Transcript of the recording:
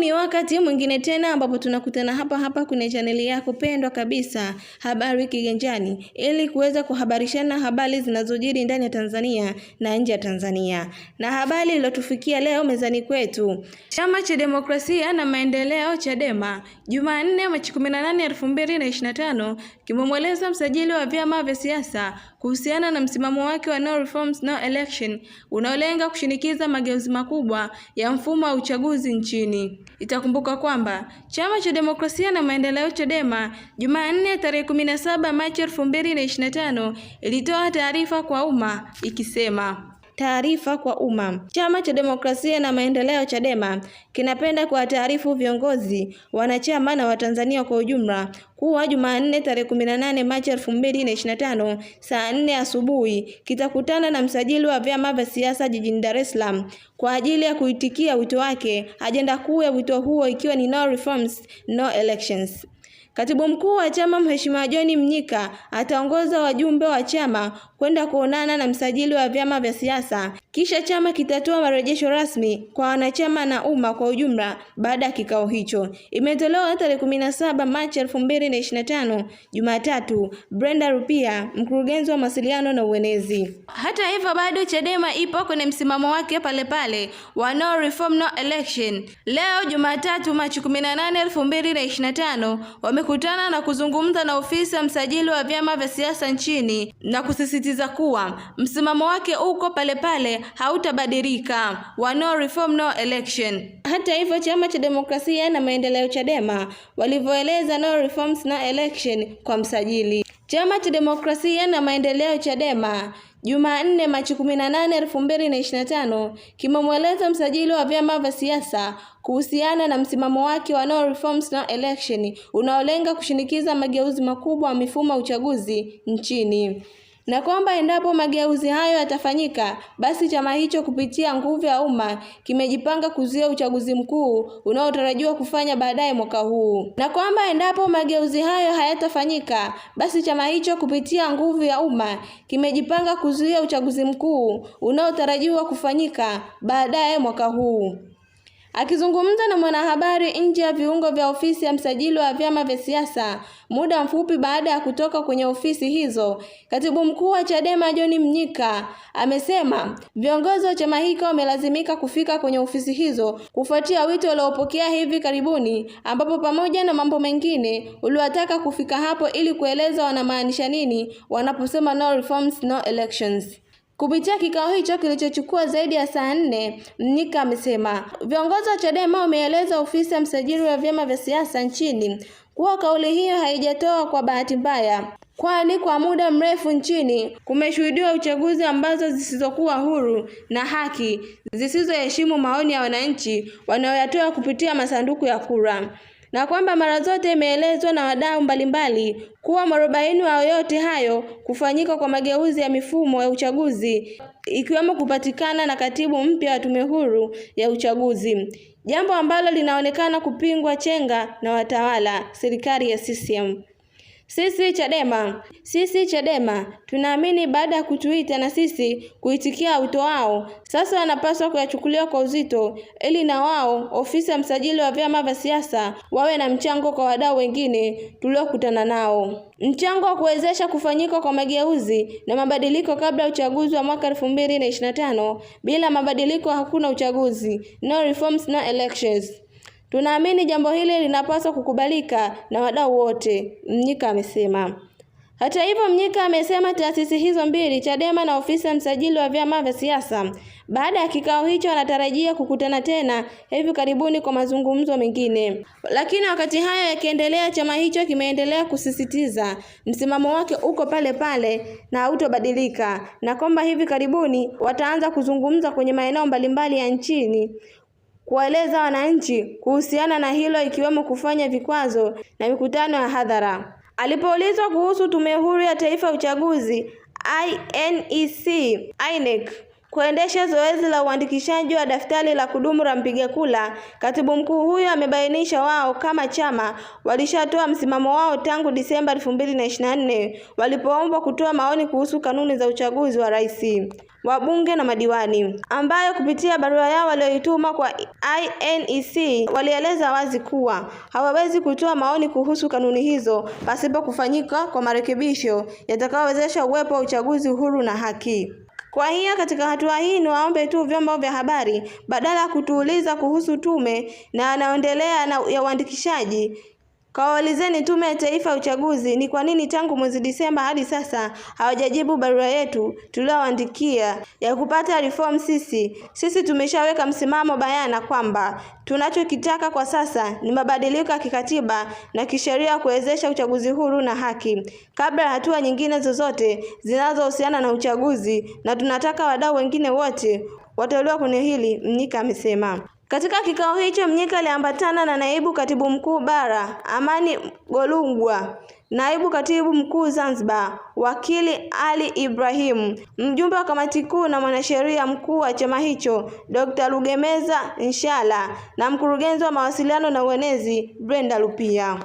ni wakati mwingine tena ambapo tunakutana hapa hapa kwenye chaneli yako pendwa kabisa Habari Kiganjani, ili kuweza kuhabarishana habari zinazojiri ndani ya Tanzania na nje ya Tanzania. Na habari iliyotufikia leo mezani kwetu, chama cha demokrasia na maendeleo CHADEMA Jumanne Machi 18, 2025 kimemweleza msajili wa vyama vya siasa kuhusiana na msimamo wake wa no reforms, no election unaolenga kushinikiza mageuzi makubwa ya mfumo wa uchaguzi nchini. Itakumbuka kwamba chama cha demokrasia na maendeleo Chadema Jumanne tarehe 17 Machi 2025 ilitoa taarifa kwa umma ikisema taarifa kwa umma. Chama cha Demokrasia na Maendeleo Chadema kinapenda kuwataarifu viongozi, wanachama na Watanzania kwa ujumla kuwa Jumanne tarehe 18 Machi 2025 saa 4 asubuhi kitakutana na msajili wa vyama vya siasa jijini Dar es Salaam kwa ajili ya kuitikia wito wake, ajenda kuu ya wito huo ikiwa ni no reforms, no elections. Katibu mkuu wa chama Mheshimiwa John Mnyika ataongoza wajumbe wa chama kwenda kuonana na msajili wa vyama vya siasa, kisha chama kitatoa marejesho rasmi kwa wanachama na umma kwa ujumla baada ya kikao hicho. Imetolewa tarehe 17 Machi 2025, Jumatatu. Brenda Rupia, mkurugenzi wa mawasiliano na uenezi. Hata hivyo, bado Chadema ipo kwenye msimamo wake pale pale wa no reform no election. Leo Jumatatu Machi 18, 2025 wamekutana na kuzungumza na ofisi ya msajili wa vyama vya siasa nchini na kusisitiza akisisitiza kuwa msimamo wake uko pale pale, hautabadilika wa no reform no election. Hata hivyo, chama cha demokrasia na maendeleo Chadema walivyoeleza no reforms no election kwa msajili. Chama cha demokrasia na maendeleo Chadema Jumanne, Machi 18, 2025 kimemweleza msajili wa vyama vya siasa kuhusiana na msimamo wake wa no reforms no election unaolenga kushinikiza mageuzi makubwa ya mifumo ya uchaguzi nchini na kwamba endapo mageuzi hayo yatafanyika, basi chama hicho kupitia nguvu ya umma kimejipanga kuzuia uchaguzi mkuu unaotarajiwa kufanya baadaye mwaka huu, na kwamba endapo mageuzi hayo hayatafanyika, basi chama hicho kupitia nguvu ya umma kimejipanga kuzuia uchaguzi mkuu unaotarajiwa kufanyika baadaye mwaka huu. Akizungumza na mwanahabari nje ya viungo vya ofisi ya msajili wa vyama vya siasa muda mfupi baada ya kutoka kwenye ofisi hizo, katibu mkuu wa Chadema John Mnyika amesema viongozi wa chama hiki wamelazimika kufika kwenye ofisi hizo kufuatia wito waliopokea hivi karibuni, ambapo pamoja na mambo mengine uliwataka kufika hapo ili kueleza wanamaanisha nini wanaposema no reforms, no elections. Kupitia kikao hicho kilichochukua zaidi ya saa nne, Mnyika amesema viongozi wa Chadema wameeleza ofisi ya msajili wa vyama vya siasa nchini kuwa kauli hiyo haijatoa kwa bahati mbaya, kwani kwa muda mrefu nchini kumeshuhudiwa uchaguzi ambazo zisizokuwa huru na haki, zisizoheshimu maoni ya wananchi wanaoyatoa kupitia masanduku ya kura na kwamba mara zote imeelezwa na wadau mbalimbali kuwa mwarobaini wa yote hayo kufanyika kwa mageuzi ya mifumo ya uchaguzi ikiwemo kupatikana na katibu mpya wa Tume Huru ya Uchaguzi, jambo ambalo linaonekana kupingwa chenga na watawala serikali ya CCM. Sisi Chadema, sisi Chadema tunaamini baada ya kutuita na sisi kuitikia wito wao, sasa wanapaswa kuyachukulia kwa uzito, ili na wao ofisi ya msajili wa vyama vya siasa wawe na mchango kwa wadau wengine tuliokutana nao, mchango wa kuwezesha kufanyika kwa mageuzi na mabadiliko kabla ya uchaguzi wa mwaka elfu mbili na ishirini na tano. Bila mabadiliko hakuna uchaguzi, no reforms no elections. Tunaamini jambo hili linapaswa kukubalika na wadau wote, Mnyika amesema. Hata hivyo, Mnyika amesema taasisi hizo mbili, Chadema na ofisi ya msajili wa vyama vya siasa, baada ya kikao hicho anatarajia kukutana tena hivi karibuni kwa mazungumzo mengine. Lakini wakati hayo yakiendelea, chama hicho kimeendelea kusisitiza msimamo wake uko pale pale na hautobadilika, na kwamba hivi karibuni wataanza kuzungumza kwenye maeneo mbalimbali ya nchini kuwaeleza wananchi kuhusiana na hilo ikiwemo kufanya vikwazo na mikutano ya hadhara. Alipoulizwa kuhusu Tume Huru ya Taifa ya Uchaguzi INEC, INEC kuendesha zoezi la uandikishaji wa daftari la kudumu la mpiga kura. Katibu mkuu huyo amebainisha wao kama chama walishatoa msimamo wao tangu Disemba 2024 walipoombwa kutoa maoni kuhusu kanuni za uchaguzi wa rais, wabunge na madiwani, ambayo kupitia barua yao walioituma kwa INEC walieleza wazi kuwa hawawezi kutoa maoni kuhusu kanuni hizo pasipo kufanyika kwa marekebisho yatakayowezesha uwepo wa uchaguzi huru na haki. Kwa hiyo katika hatua hii ni waombe tu vyombo vya habari badala ya kutuuliza kuhusu tume na anaendelea na ya uandikishaji kawaulizeni Tume ya Taifa ya Uchaguzi ni kwa nini tangu mwezi Disemba hadi sasa hawajajibu barua yetu tuliyowaandikia ya kupata reform. Sisi sisi tumeshaweka msimamo bayana kwamba tunachokitaka kwa sasa ni mabadiliko ya kikatiba na kisheria kuwezesha uchaguzi huru na haki kabla ya hatua nyingine zozote zinazohusiana na uchaguzi, na tunataka wadau wengine wote watolewa kwenye hili, Mnyika amesema. Katika kikao hicho Mnyika aliambatana na naibu katibu mkuu bara Amani Golugwa, naibu katibu mkuu Zanzibar wakili Ali Ibrahimu, mjumbe wa kamati kuu na mwanasheria mkuu wa chama hicho Dr. Lugemeza Nshala na mkurugenzi wa mawasiliano na uenezi Brenda Lupia.